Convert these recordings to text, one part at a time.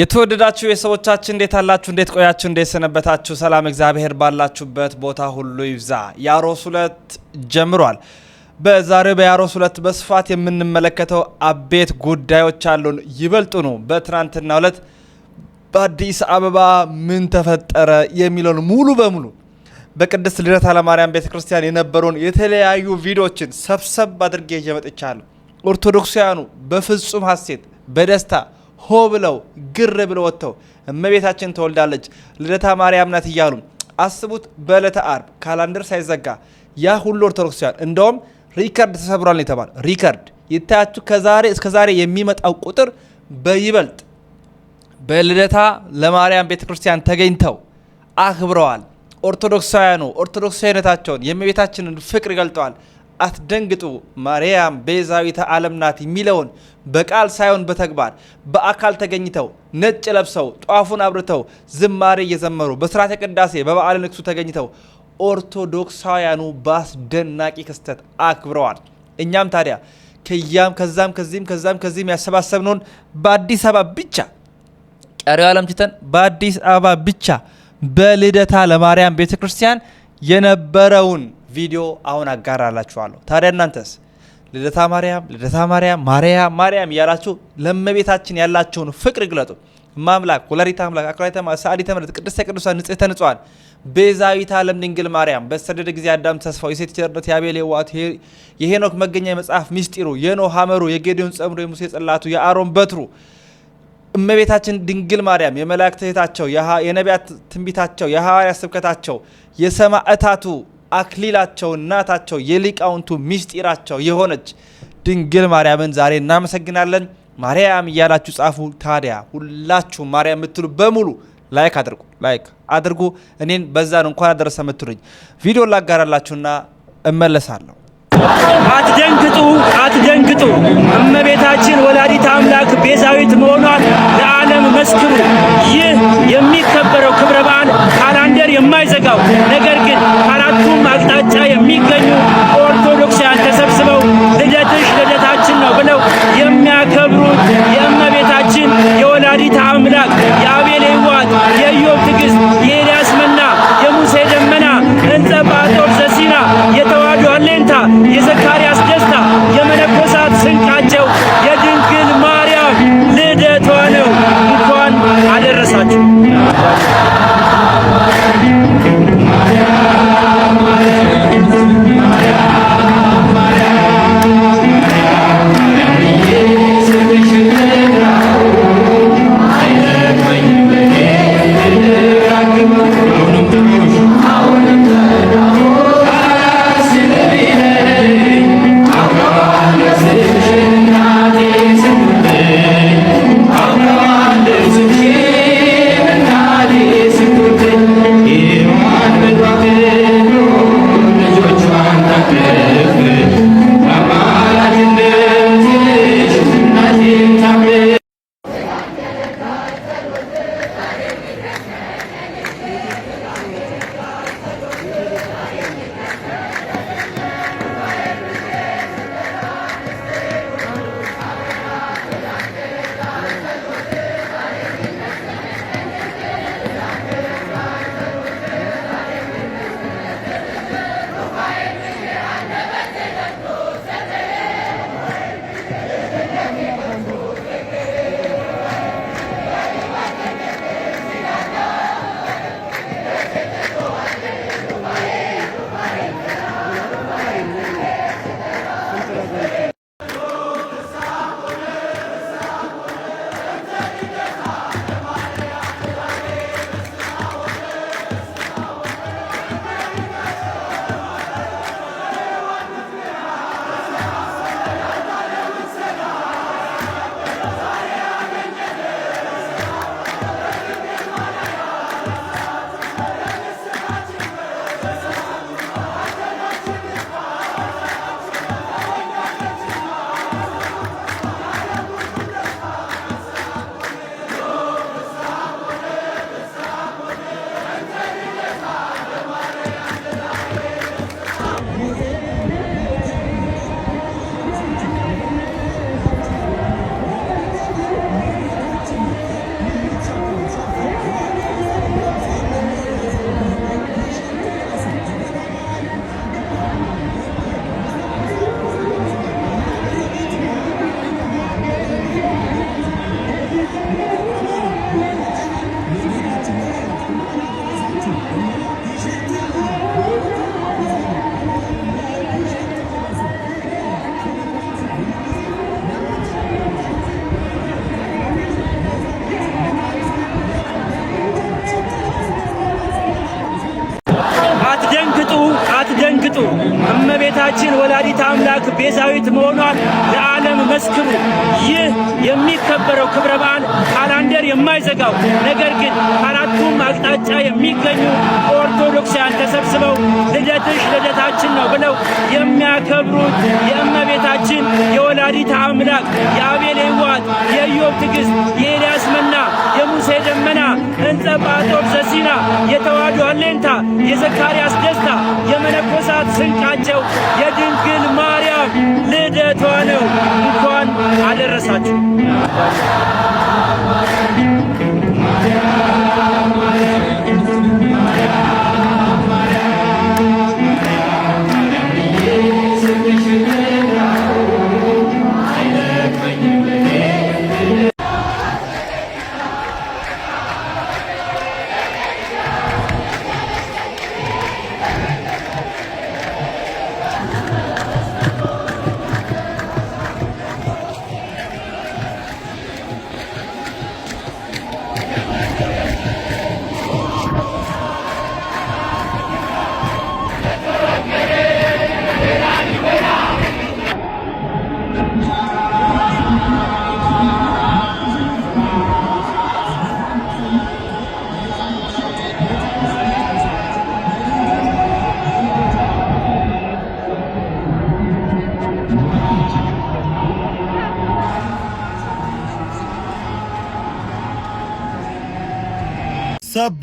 የተወደዳችሁ የሰዎቻችን እንዴት አላችሁ? እንዴት ቆያችሁ? እንዴት ሰነበታችሁ? ሰላም እግዚአብሔር ባላችሁበት ቦታ ሁሉ ይብዛ። ያሮስ ሁለት ጀምሯል። በዛሬው በያሮስ ሁለት በስፋት የምንመለከተው አቤት ጉዳዮች አሉን። ይበልጡኑ በትናንትና ሁለት በአዲስ አበባ ምን ተፈጠረ የሚለውን ሙሉ በሙሉ በቅድስት ልደታ ለማርያም ቤተ ክርስቲያን የነበሩን የተለያዩ ቪዲዮዎችን ሰብሰብ አድርጌ ይዤ መጥቻለሁ። ኦርቶዶክሳውያኑ በፍጹም ሀሴት በደስታ ሆ ብለው ግር ብለው ወጥተው እመቤታችን ተወልዳለች ልደታ ማርያም ናት እያሉ አስቡት። በዕለተ አርብ ካላንደር ሳይዘጋ ያ ሁሉ ኦርቶዶክሳውያን እንደውም ሪከርድ ተሰብሯል የተባለ ሪከርድ ይታያችሁ። ከዛሬ እስከ ዛሬ የሚመጣው ቁጥር በይበልጥ በልደታ ለማርያም ቤተ ክርስቲያን ተገኝተው አክብረዋል። ኦርቶዶክሳውያኑ ኦርቶዶክሳዊነታቸውን የእመቤታችንን ፍቅር ይገልጠዋል። አትደንግጡ ማርያም ቤዛዊተ ዓለም ናት የሚለውን በቃል ሳይሆን በተግባር በአካል ተገኝተው ነጭ ለብሰው ጧፉን አብርተው ዝማሬ እየዘመሩ በስርዓተ ቅዳሴ በበዓለ ንግሱ ተገኝተው ኦርቶዶክሳውያኑ በአስደናቂ ክስተት አክብረዋል። እኛም ታዲያ ከያም ከዛም ከዚህም ከዛም ከዚህም ያሰባሰብነውን በአዲስ አበባ ብቻ ቀሪው ዓለም ትተን በአዲስ አበባ ብቻ በልደታ ለማርያም ቤተ ክርስቲያን የነበረውን ቪዲዮ አሁን አጋራላችኋለሁ። ታዲያ እናንተስ ልደታ ማርያም፣ ልደታ ማርያም፣ ማርያም፣ ማርያም እያላችሁ ለእመቤታችን ያላችሁን ፍቅር ግለጡ። ማምላክ ወላዲተ አምላክ አኩራይተ ሳዲ ተምረት ቅድስተ ቅዱሳን ንጽሕተ ንጹሐን ቤዛዊተ ዓለም ድንግል ማርያም በሰደደ ጊዜ አዳም ተስፋው የሴት ቸርነት የአቤል የዋት የሄኖክ መገኛ የመጽሐፍ ሚስጢሩ የኖ ሀመሩ የጌዴዮን ጸምሮ የሙሴ ጽላቱ የአሮን በትሩ እመቤታችን ድንግል ማርያም የመላእክት እህታቸው የነቢያት ትንቢታቸው የሐዋርያ ስብከታቸው የሰማዕታቱ አክሊላቸው እናታቸው የሊቃውንቱ ምስጢራቸው የሆነች ድንግል ማርያምን ዛሬ እናመሰግናለን። ማርያም እያላችሁ ጻፉ። ታዲያ ሁላችሁ ማርያም የምትሉ በሙሉ ላይክ አድርጉ፣ ላይክ አድርጉ። እኔን በዛን እንኳን አደረሰ የምትሉኝ ቪዲዮ ላጋራላችሁና እመለሳለሁ። አትደንግጡ፣ አትደንግጡ። እመቤታችን ወላዲት አምላክ ቤዛዊት መሆኗን ለዓለም መስክሩ። ይህ የሚከበረው ክብረ በዓል ካላንደር የማይዘጋው ነገ ቤዛዊት መሆኗን ለዓለም መስክሩ። ይህ የሚከበረው ክብረ በዓል ካላንደር የማይዘጋው ነገር ግን አራቱም አቅጣጫ የሚገኙ ኦርቶዶክሳን ተሰብስበው ልደትሽ ልደታችን ነው ብለው የሚያከብሩት የእመቤታችን የወላዲት አምላክ የአቤል ሕይወት፣ የኢዮብ ትግስት የኤልያስ መና፣ የሙሴ ደመና፣ እንጸባጦብ ዘሲና፣ የተዋዶ አሌንታ፣ የዘካርያስ ደስታ፣ የመነኮሳት ስንቃቸው፣ የድንግል ማርያም ልደቷ ነው። እንኳን አደረሳችሁ።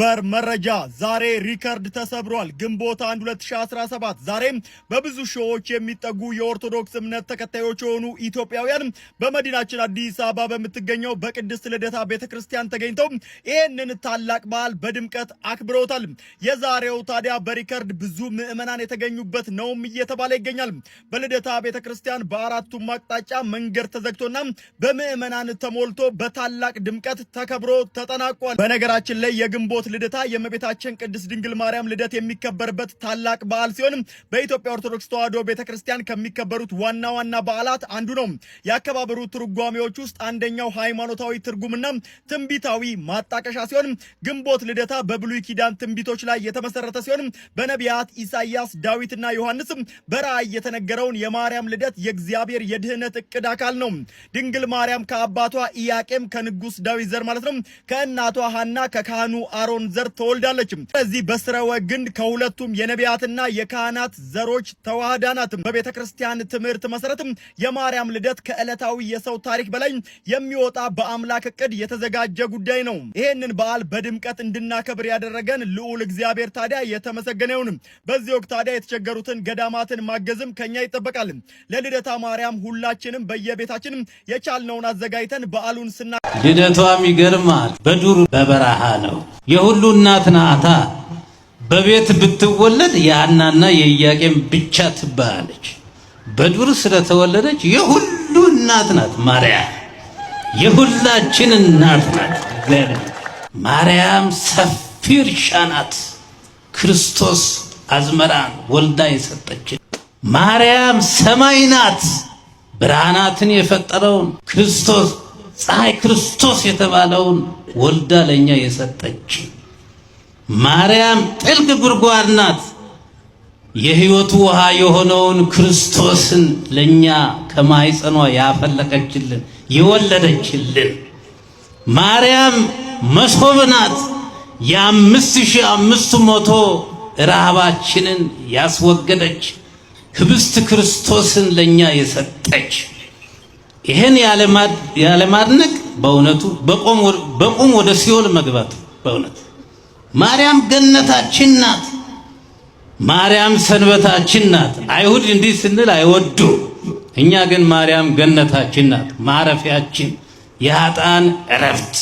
ሰበር መረጃ ዛሬ ሪከርድ ተሰብሯል። ግንቦት 1 2017 ዛሬም በብዙ ሺዎች የሚጠጉ የኦርቶዶክስ እምነት ተከታዮች የሆኑ ኢትዮጵያውያን በመዲናችን አዲስ አበባ በምትገኘው በቅድስት ልደታ ቤተ ክርስቲያን ተገኝተው ይህንን ታላቅ በዓል በድምቀት አክብረውታል። የዛሬው ታዲያ በሪከርድ ብዙ ምዕመናን የተገኙበት ነውም እየተባለ ይገኛል። በልደታ ቤተ ክርስቲያን በአራቱም አቅጣጫ መንገድ ተዘግቶና በምዕመናን ተሞልቶ በታላቅ ድምቀት ተከብሮ ተጠናቋል። በነገራችን ላይ የግንቦት ልደታ የእመቤታችን ቅድስት ድንግል ማርያም ልደት የሚከበርበት ታላቅ በዓል ሲሆንም በኢትዮጵያ ኦርቶዶክስ ተዋሕዶ ቤተክርስቲያን ከሚከበሩት ዋና ዋና በዓላት አንዱ ነው። የአከባበሩ ትርጓሜዎች ውስጥ አንደኛው ሃይማኖታዊ ትርጉምና ትንቢታዊ ማጣቀሻ ሲሆን ግንቦት ልደታ በብሉይ ኪዳን ትንቢቶች ላይ የተመሰረተ ሲሆን በነቢያት ኢሳይያስ፣ ዳዊትና ዮሐንስም በራእይ የተነገረውን የማርያም ልደት የእግዚአብሔር የድህነት እቅድ አካል ነው። ድንግል ማርያም ከአባቷ ኢያቄም ከንጉስ ዳዊት ዘር ማለት ነው ከእናቷ ሐና ከካህኑ አሮን የአሮን ዘር ተወልዳለችም። ስለዚህ በስረወ ግንድ ከሁለቱም የነቢያትና የካህናት ዘሮች ተዋህዳ ናትም። በቤተ ክርስቲያን ትምህርት መሰረትም የማርያም ልደት ከዕለታዊ የሰው ታሪክ በላይ የሚወጣ በአምላክ እቅድ የተዘጋጀ ጉዳይ ነው። ይሄንን በዓል በድምቀት እንድናከብር ያደረገን ልዑል እግዚአብሔር ታዲያ የተመሰገነ ይሁንም። በዚህ ወቅት ታዲያ የተቸገሩትን ገዳማትን ማገዝም ከኛ ይጠበቃል። ለልደታ ማርያም ሁላችንም በየቤታችንም የቻልነውን አዘጋጅተን በዓሉን ስና ልደቷም ይገርማል። በዱር በበረሃ ነው። ሁሉ እናት ናታ። በቤት ብትወለድ የሐናና የኢያቄም ብቻ ትባላለች። በዱር ስለተወለደች የሁሉ እናት ናት ማርያም። የሁላችን እናት ናት ማርያም። ሰፊ እርሻ ናት። ክርስቶስ አዝመራን ወልዳ የሰጠችን ማርያም ሰማይ ናት። ብርሃናትን የፈጠረውን ክርስቶስ ፀሐይ ክርስቶስ የተባለውን ወልዳ ለእኛ የሰጠችን ማርያም ጥልቅ ጉድጓድ ናት። የሕይወቱ ውሃ የሆነውን ክርስቶስን ለእኛ ከማይጸኗ ያፈለቀችልን የወለደችልን ማርያም መሶብ ናት። የአምስት ሺህ አምስት መቶ ረሃባችንን ያስወገደች ህብስት ክርስቶስን ለእኛ የሰጠች ይህን ያለማድነቅ በእውነቱ በቁም ወደ ሲኦል መግባት በእውነት ማርያም ገነታችን ናት። ማርያም ሰንበታችን ናት። አይሁድ እንዲህ ስንል አይወዱ። እኛ ግን ማርያም ገነታችን ናት፣ ማረፊያችን፣ የኃጥአን እረፍት፣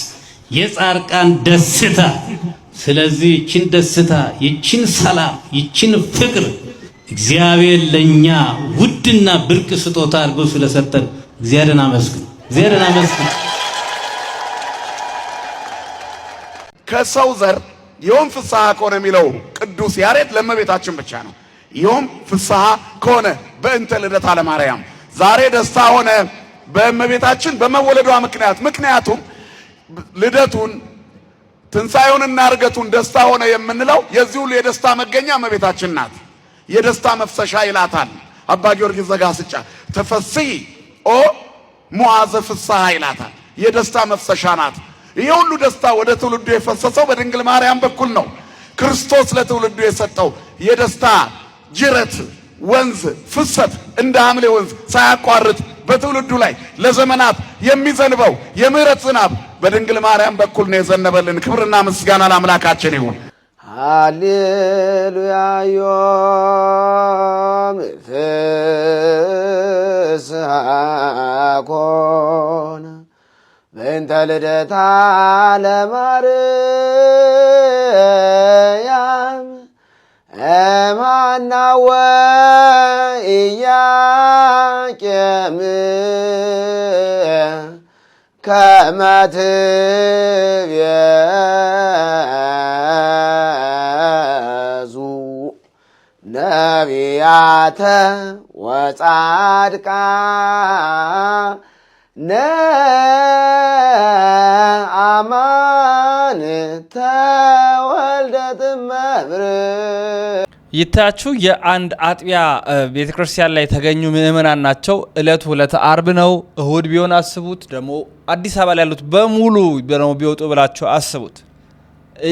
የጻርቃን ደስታ። ስለዚህ ይችን ደስታ፣ ይችን ሰላም፣ ይችን ፍቅር እግዚአብሔር ለእኛ ውድና ብርቅ ስጦታ አድርጎ ስለሰጠን እግዚአብሔርን አመስግን፣ እግዚአብሔርን አመስግን ከሰው ዘር ይኸውም ፍስሐ ከሆነ የሚለው ቅዱስ ያሬድ ለእመቤታችን ብቻ ነው። ይኸውም ፍስሐ ከሆነ በእንተ ልደት አለማርያም ዛሬ ደስታ ሆነ በእመቤታችን በመወለዷ ምክንያት። ምክንያቱም ልደቱን ትንሣኤውንና እርገቱን ደስታ ሆነ የምንለው የዚህ ሁሉ የደስታ መገኛ እመቤታችን ናት። የደስታ መፍሰሻ ይላታል አባ ጊዮርጊስ ዘጋስጫ። ተፈስሒ ኦ ሙዓዘ ፍስሐ ይላታል። የደስታ መፍሰሻ ናት። ይህ ሁሉ ደስታ ወደ ትውልዱ የፈሰሰው በድንግል ማርያም በኩል ነው። ክርስቶስ ለትውልዱ የሰጠው የደስታ ጅረት ወንዝ ፍሰት እንደ ሐምሌ ወንዝ ሳያቋርጥ በትውልዱ ላይ ለዘመናት የሚዘንበው የምሕረት ዝናብ በድንግል ማርያም በኩል ነው የዘነበልን። ክብርና ምስጋና ለአምላካችን ይሁን። ሃሌሉያ ዮም ፍስሐ ኮነ በእንተ ልደታ ለማርያም እማናወ ኢያቄም ከመ ትቤዙ ነቢያተ ወጻድቃ ነአማን ተወልደ ይታያችሁ የአንድ አጥቢያ ቤተክርስቲያን ላይ የተገኙ ምእመናን ናቸው። እለቱ ዕለተ አርብ ነው። እሁድ ቢሆን አስቡት። ደግሞ አዲስ አበባ ላይ ያሉት በሙሉ ደግሞ ቢወጡ ብላችሁ አስቡት።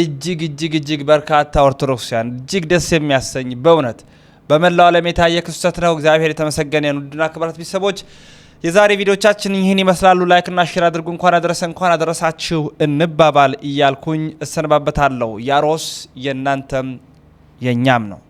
እጅግ እጅግ እጅግ በርካታ ኦርቶዶክሳውያን እጅግ ደስ የሚያሰኝ በእውነት በመላው ዓለም የታየ ክስተት ነው። እግዚአብሔር የተመሰገነ ይሁን። ውድና ክብራት ቤተሰቦች የዛሬ ቪዲዮቻችን ይህን ይመስላሉ። ላይክና ሼር አድርጉ። እንኳን አደረሰ እንኳን አደረሳችሁ እንባባል እያልኩኝ እሰነባበታለሁ። ያሮስ የእናንተም የእኛም ነው።